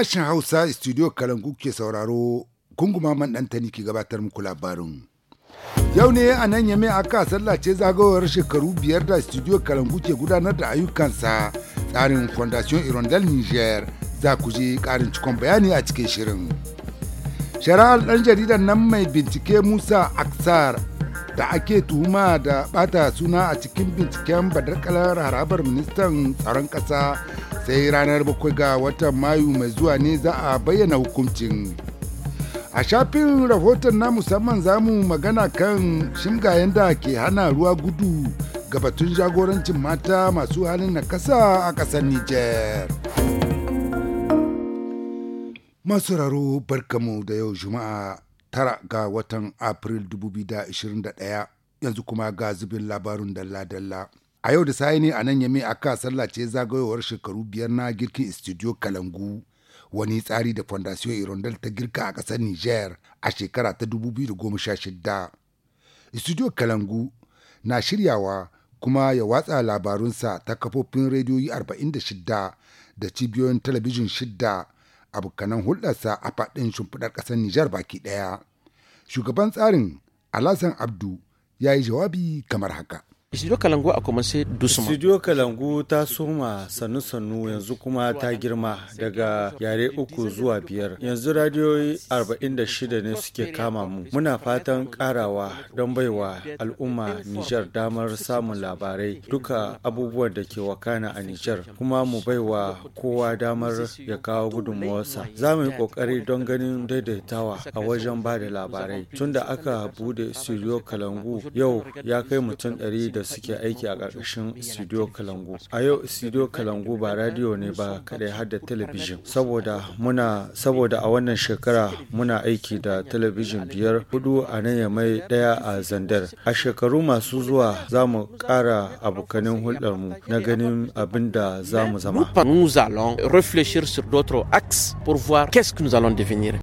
Sashen Hausa Studio Kalangu ke sauraro kunguma man dantani ke gabatar muku labarin. Yau ne a nan yame aka sallace zagawar shekaru biyar da Studio Kalangu ke gudanar da ayyukansa tsarin Fondation Irondel Niger za ku ji karin cikon bayani a cikin shirin. Shari'ar dan jaridar nan mai bincike Musa Aksar da ake tuhuma da bata suna a cikin binciken badarkalar harabar ministan tsaron ƙasa sai ranar bakwai ga watan mayu mai zuwa ne za a bayyana hukuncin a shafin rahoton na musamman za mu magana kan shingayen da ke hana ruwa gudu ga batun jagorancin mata masu halin na kasa a ƙasar niger masu raro barkamu da yau juma'a tara ga watan april 2021 yanzu kuma ga zubin labarun dalla-dalla A yau da sai ne a nan yame aka sallace zagayowar shekaru biyar na girkin studio Kalangu wani tsari da Fondation Irondel ta girka a ƙasar Niger a shekara ta 2016. Studio Kalangu na shiryawa kuma ya watsa labarunsa ta kafofin rediyoyi 46 da cibiyoyin talabijin 6 abokanan hulɗarsa a faɗin shimfiɗar ƙasar Nijar baki ɗaya. Shugaban tsarin Alhassan Abdu ya yi jawabi kamar haka. Studio Kalangu a sai dusuma Studio Kalangu ta soma sannu-sannu yanzu kuma ta girma daga yare uku zuwa biyar. Yanzu radiyoyi shida ne suke kama mu. Muna fatan karawa don baiwa al'umma Nijar damar samun labarai duka abubuwan da ke wakana a Nijar kuma mu baiwa kowa damar ya kawo gudunmawarsa. Za mu yi kokari don ganin daidaitawa a wajen ba da labarai. Tunda aka bude Studio Kalangu yau ya kai mutum 100 da suke aiki a ƙarƙashin studio kalangu a yau studio kalangu ba radio ne ba kaɗai har da talabijin saboda a wannan shekara muna aiki da talabijin biyar hudu a nan ya mai daya a zandar a shekaru masu zuwa za mu ƙara abokanin hulɗarmu na ganin abin da za mu zama pour voir qu'est-ce que nous allons devenir.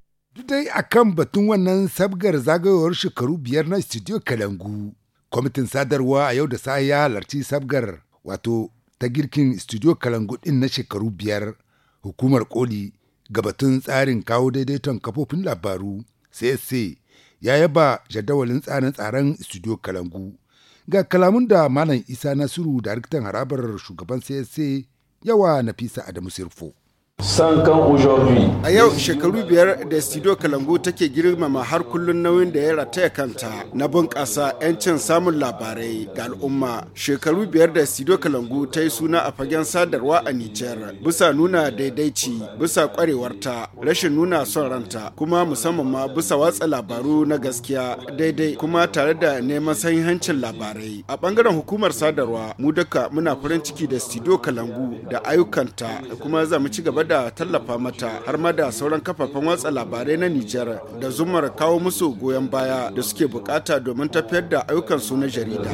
Dai a kan batun wannan sabgar zagayowar shekaru biyar na Studio Kalangu, kwamitin sadarwa a yau da sa ya halarci sabgar wato ta girkin studio kalangu din na shekaru biyar hukumar koli batun tsarin kawo daidaiton kafofin labaru csc ya yaba jadawalin tsarin tsaren studio kalangu ga kalamun da malam isa nasiru daraktan harabar shugaban csc yawa nafisa adamu sirfo A yau shekaru biyar da Studio Kalangu take girmama har kullun nauyin da ya rataya kanta na bunƙasa 'yancin samun labarai ga al'umma. Shekaru biyar da Studio Kalangu ta yi suna a fagen sadarwa a Nijar, bisa nuna daidaici, bisa ƙwarewarta, rashin nuna son ranta, kuma musamman ma bisa watsa labaru na gaskiya daidai kuma tare da neman hancin labarai. A ɓangaren hukumar sadarwa, mu duka muna farin ciki da Studio Kalangu da ayyukanta kuma za mu ci gaba da tallafa mata har ma da sauran kafafen watsa labarai na Nijar da zumar kawo musu goyon baya da suke bukata domin tafiyar da ayyukan su na jarida.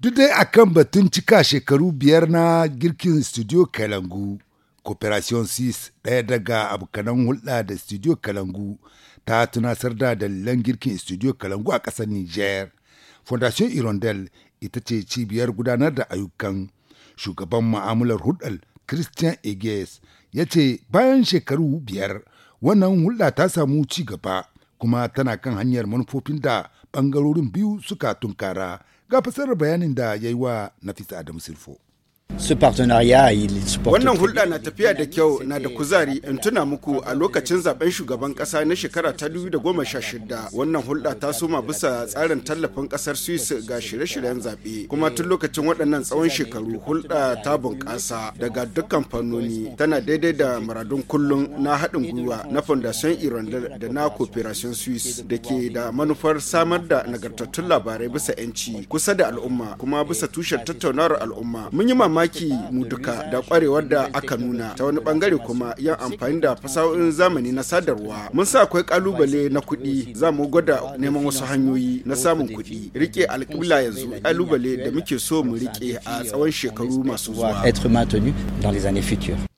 Duk dai akan batun cika shekaru biyar na girkin Studio Kalangu, Cooperation 6 ɗaya daga abokanan hulɗa da Studio Kalangu ta tunasar da dalilan girkin Studio Kalangu a ƙasar Nijar. Fondation Irondel ita ce cibiyar gudanar da ayyukan shugaban ma'amular hulɗar. Christian Eges ya ce bayan shekaru biyar wannan hulɗa ta samu ci gaba kuma tana kan hanyar manufofin da ɓangarorin biyu suka tunkara ga fasarar bayanin da ya yi wa Nafisa Adamu Silfo. Wannan hulɗa na tafiya da kyau na da kuzari in tuna muku a lokacin zaben shugaban ƙasa na shekara ta shida Wannan hulɗa ta soma bisa tsarin tallafin ƙasar Swiss ga shirye-shiryen zaɓe. Kuma tun lokacin waɗannan tsawon shekaru hulɗa ta bunƙasa daga dukkan fannoni tana daidai da muradun kullum na haɗin gwiwa na Fondation Irondel da na Cooperation Swiss da ke da manufar samar da nagartattun labarai bisa 'yanci kusa da al'umma kuma bisa tushen tattaunawar al'umma. Mun yi mamaki mu duka da kwarewar da aka nuna ta wani bangare kuma yan amfani da fasahohin zamani na sadarwa mun sa akwai kalubale na kuɗi za mu gwada neman wasu hanyoyi na samun kuɗi rike alƙibla yanzu kalubale da muke so mu rike a tsawon shekaru masu zuwa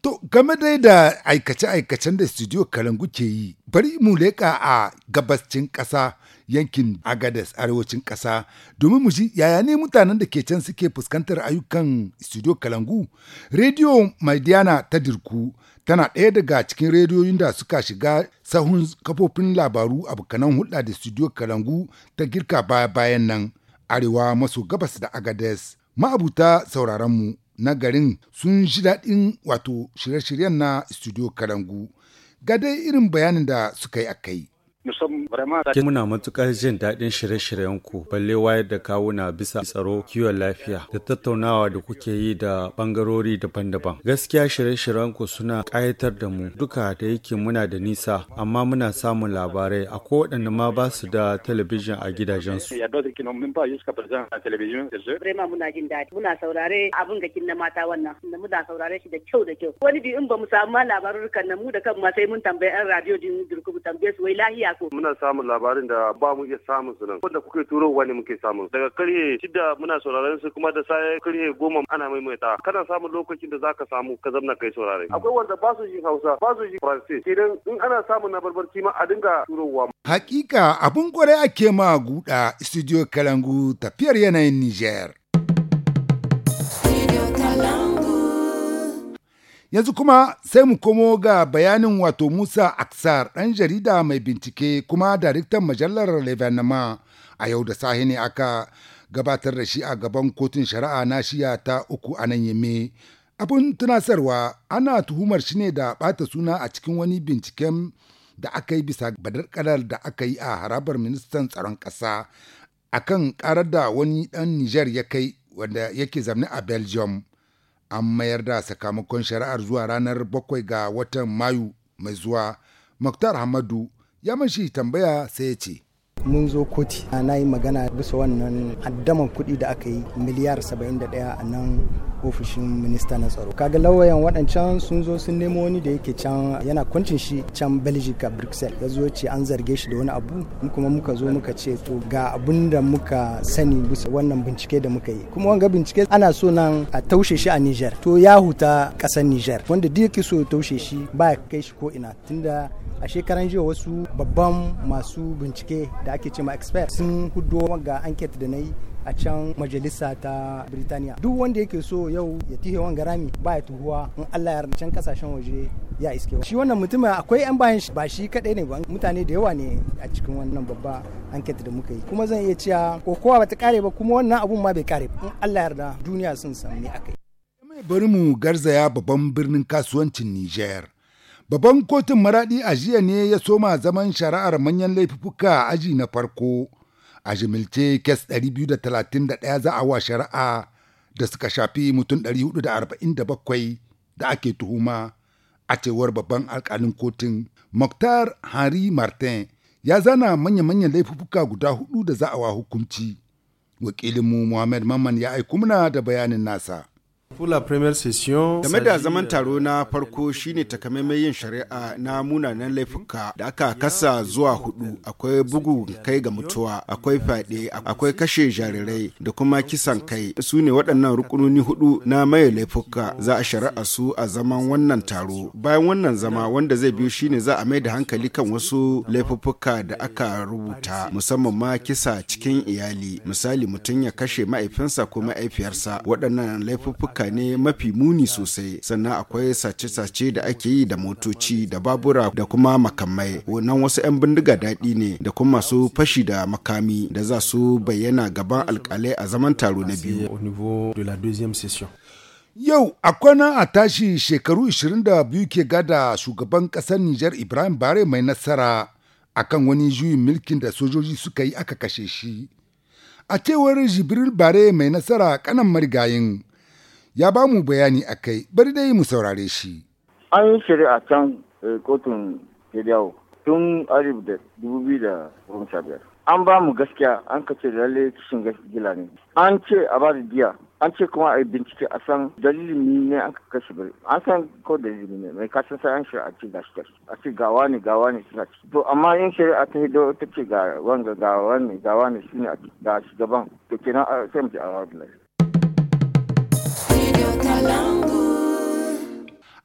to game dai da aikace-aikacen da studio kalangu ke yi bari mu leƙa a gabascin ƙasa yankin Agades arewacin ƙasa domin mu ji yaya ne mutanen da ke can suke fuskantar ayyukan studio Kalangu. Rediyo Maidiana ta Dirku tana ɗaya daga cikin rediyoyin da suka shiga sahun kafofin labaru abokanan hulɗa da studio Kalangu ta girka baya-bayan nan arewa maso gabas da Agades. Ma'abuta sauraronmu na garin sun ji daɗin wato shirye-shiryen na studio Kalangu. Ga dai irin bayanin da suka yi a kai. Muna matukar jin daɗin shirye shiryenku balle wayar da kawuna bisa tsaro kiwon lafiya da tattaunawa da kuke yi da bangarori daban-daban. Gaskiya shirye shiryenku suna ƙayatar da mu duka da yake muna da nisa amma muna samun labarai a waɗanda ma ba su da talabijin a gidajensu. muna jin daɗi muna saurare abin gakin na mata wannan da muna saurare shi da kyau da kyau. Wani bi in ba mu samu labarurkan nan mu da kan ma sai mun tambaye 'yan radiyo din durkubu tambaye su wai lahiya muna samun labarin da ba mu iya samun su nan wanda kuke turowa wani muke samun daga karye shida muna sauraron su kuma da sai karye goma ana maimaita kana samun lokacin da zaka samu ka zamna kai saurare akwai wanda ba su yin hausa ba su yin faransi idan in ana samun na barbarci ma a dinga turowa hakika abun kwarai ake ma guda studio kalangu tafiyar yanayin niger Yanzu kuma sai mu komo ga bayanin wato Musa Aksar ɗan jarida mai bincike kuma daraktan majalar levanama a yau da sahi ne aka gabatar da shi a gaban kotun shari'a na shiya ta uku a nan yame. Abin tunasarwa ana tuhumar shi ne da ɓata suna a cikin wani binciken da aka yi bisa badarkalar da aka yi a harabar ministan tsaron ƙasa akan karar da wani ɗan Nijar ya kai wanda yake zamne a Belgium. an mayar da sakamakon shari'ar zuwa ranar bakwai ga watan mayu mai zuwa muktar hamadu ya mashi tambaya sai ya ce mun zo koti na yi magana bisa wannan addaman kuɗi da aka yi miliyar 71 a nan ofishin minista na tsaro kaga lauyan waɗancan sun zo sun nemo wani da yake can yana kuncin shi can belgica bruxelles ya zo ce an zarge shi da wani abu kuma muka zo muka ce to ga abun da muka sani bisa wannan bincike da muka yi kuma wanga bincike ana so nan a taushe shi a niger to ya huta ƙasar niger wanda duk yake so ya taushe shi ba ya kai shi ko ina tunda a shekaran jiya wasu babban masu bincike da ake ce ma expert sun hudo ga anket da na yi a can majalisa ta Birtaniya. Duk wanda yake so yau ya tihe wani garami ba ya tuhuwa in Allah ya can kasashen waje ya iske. Shi wannan mutumin akwai 'yan bayan shi ba shi kadai ne ba mutane da yawa ne a cikin wannan babba anket da muka yi. Kuma zan iya cewa kokowa ta kare ba kuma wannan abun ma bai kare ba. In Allah yarda duniya sun san me akai. Bari mu garzaya babban birnin kasuwancin Nijar. Babban kotun maraɗi a jiya ne ya soma zaman shari'ar manyan laifuka aji na farko a jimilce kes 231 za a wa shari'a da suka shafi mutum 447 da ake tuhuma a cewar babban alkalin kotun muktar henry martin ya zana manya-manyan laifuka guda hudu da za a wa hukunci wakilinmu muhammad mamman ya aiku muna da bayanin nasa Game da zaman taro na farko shine takamaiman yin shari'a na munanan laifuka da aka kasa zuwa hudu akwai bugu kai ga mutuwa akwai fyaɗe akwai kashe jarirai da kuma kisan kai su ne waɗannan rukunoni hudu na maye laifuka za a shari'a su a zaman wannan taro bayan wannan zama wanda zai biyu shine za a mai da hankali kan wasu laifuka da aka rubuta musamman ma kisa cikin iyali misali mutum ya kashe ma'aifinsa ko ma'aifiyarsa waɗannan laifuka haka ne mafi muni sosai sannan akwai sace-sace da ake yi da motoci da babura da kuma makamai wannan wasu 'yan bindiga daɗi ne da kuma masu fashi da makami da za su bayyana gaban alkalai a zaman taro na biyu Yau a kwana a tashi shekaru 22 ke gada shugaban ƙasar Nijar Ibrahim Bare mai nasara akan wani juyin mulkin da sojoji suka yi aka kashe shi. A cewar Jibril Bare mai nasara kanan marigayin ya ba mu bayani a kai bari dai mu saurare shi. An yi shari'a can eh, kotun Kediyawo tun arif da dubu biyu da goma sha biyar. An ba mu gaskiya an ka ce lalle kishin gila ne. An ce a ba da diya an ce kuma a yi bincike a san dalilin ne an ka kashe bari. An san ko dalilin ne mai kasan sai an shari'a ce ga shi a ce gawa ne gawa ne suna ci. To amma yin shari'a ta hido ta ce ga wanga gawa ne gawa ne shi ne a ga shugaban to kenan sai mu ce a wa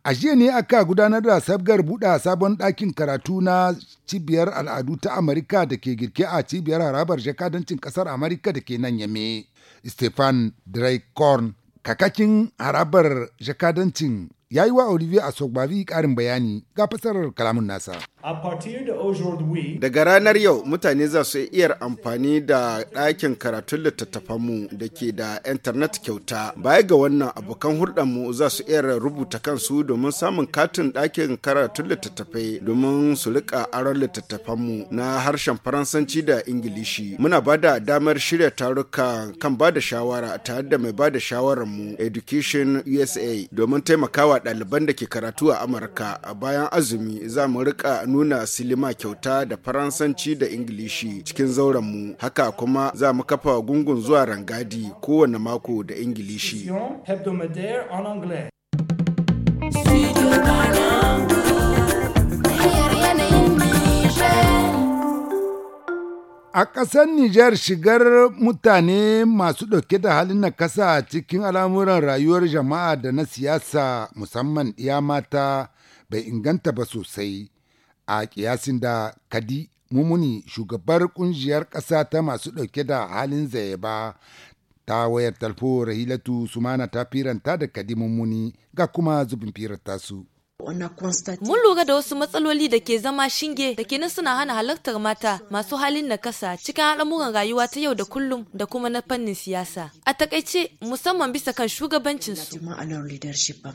A jiya ne aka gudanar da sabgar buɗe sabon ɗakin karatu na cibiyar al'adu ta Amurka da ke girke a cibiyar harabar jakadancin ƙasar Amurka da ke nan yame. Stefan Drake Korn, kakakin harabar jakadancin ya yi wa Olivier Asogbavi karin bayani ga fasarar kalamun nasa. Daga ranar yau mutane za su iya amfani da ɗakin karatun mu da ke da intanet kyauta. Baya ga wannan abokan hulɗarmu za su iya rubuta kansu domin samun katin ɗakin karatun littattafai domin su riƙa aron mu na harshen Faransanci da Ingilishi. Muna ba da damar shirya taruka kan ba da shawara tare da mai ba da mu Education USA domin taimakawa ɗaliban da ke karatu a Amurka a bayan azumi za mu rika nuna silima kyauta da Faransanci da Ingilishi cikin zauren mu. Haka kuma za mu kafa gungun zuwa rangadi kowane mako da Ingilishi. Studio A ƙasar Nijar shigar mutane masu ɗauke da halin na ƙasa cikin al'amuran rayuwar jama'a da na siyasa musamman ya mata bai inganta ba sosai a ƙiyasin da Kadi Mumuni shugabar ƙungiyar ƙasa ta masu ɗauke da halin zaye ba ta wayar talfo Rahilatu Sumana ta firanta da Kadi Mumuni ga kuma zubin firanta su. Mun lura da wasu matsaloli da ke zama shinge da kenan suna hana halartar mata masu halin na kasa cikin al'amuran rayuwa ta yau da kullum da kuma na fannin siyasa. A takaice musamman bisa kan shugabancin su.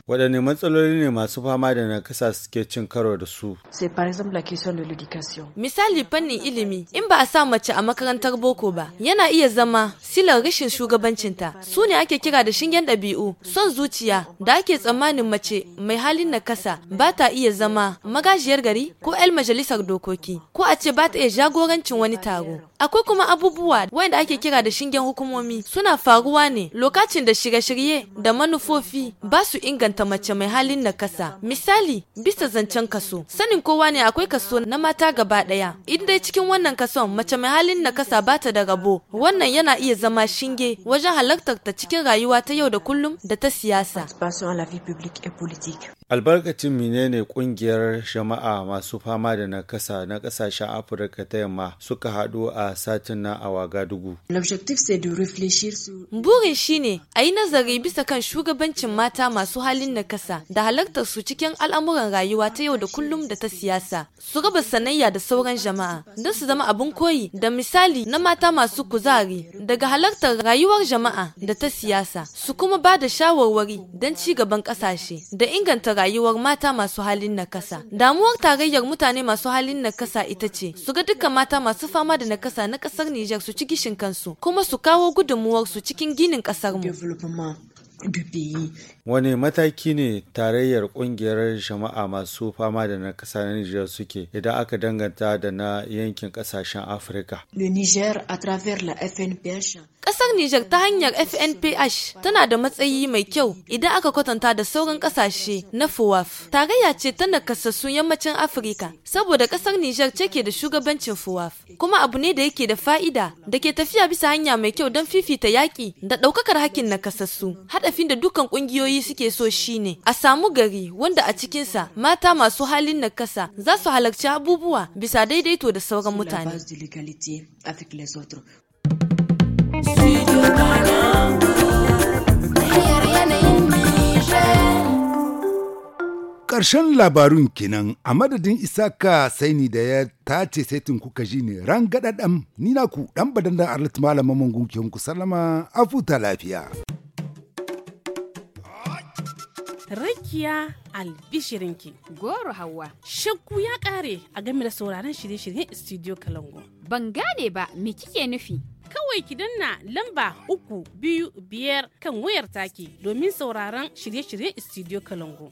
Waɗanne matsaloli ne masu fama da na kasa suke cin karo da su? Misali fannin ilimi in ba a sa mace a makarantar boko ba yana iya zama silar rashin shugabancinta su ne ake kira da shingen ɗabi'u son zuciya da ake tsammanin mace mai halin na nakasa ba ta iya zama magajiyar gari ko 'yan majalisar dokoki ko a ce ba ta iya jagorancin wani taro. Akwai kuma abubuwa wanda ake kira da shingen hukumomi suna faruwa ne lokacin da shirye-shirye da manufofi ba su inganta mace mai halin na kasa. Misali bisa zancen kaso sanin kowa ne akwai kaso na mata gaba ɗaya. In dai cikin wannan kason mace mai halin na kasa ba ta da rabo wannan yana iya zama shinge wajen halartar ta cikin rayuwa ta yau da kullum da ta siyasa. Albarkacin shin menene kungiyar jama'a masu fama da nakasa na kasashen afirka ta yamma suka hadu a satin na awaga dugu burin shine a yi nazari bisa kan shugabancin mata masu halin nakasa da halartar su cikin al'amuran rayuwa ta yau da kullum da ta siyasa su raba sanayya da sauran jama'a don su zama abin koyi da misali na mata masu kuzari daga halartar rayuwar jama'a da ta siyasa su kuma ba da shawarwari don ci gaban ƙasashe da inganta rayuwar mata mata masu halin nakasa. Damuwar tarayyar mutane masu halin nakasa ita ce su ga duka mata masu fama da nakasa na kasar Nijar su ci gishin kansu kuma su kawo gudunmuwar su cikin ginin kasar mu. Wani mataki ne tarayyar kungiyar jama'a masu fama da na kasa na Nijar suke idan aka danganta da na yankin ƙasashen Afirka? Ƙasar Nijar ta hanyar FNPH tana da matsayi mai kyau idan aka kwatanta da sauran ƙasashe na FOWAF. Tarayya ce ta nakasassun yammacin Afirka saboda ƙasar Nijar ce ke da shugabancin FOWAF. Kuma abu ne da yake da fa'ida da ke tafiya bisa hanya mai kyau don fifita yaƙi da ɗaukakar hakkin nakasassu. Hadafin da dukkan ƙungiyoyi suke so shine a samu gari wanda a cikinsa mata masu halin nakasa za su halarci abubuwa bisa daidaito da sauran mutane. karshen labarun kenan a madadin Isaka Saini da ya tace saitin kuka ji ne ran gaɗaɗam ni na ku ɗan badan da Arlit Malama Mungun ke a futa lafiya. Rakiya albishirinki. Goro hawa. Shakku ya kare a game da sauraron shirye-shiryen Studio Kalango. Ban gane ba me kike nufi? Kawai ki danna lamba uku biyu biyar kan wayar take domin sauraron shirye-shiryen Studio Kalango.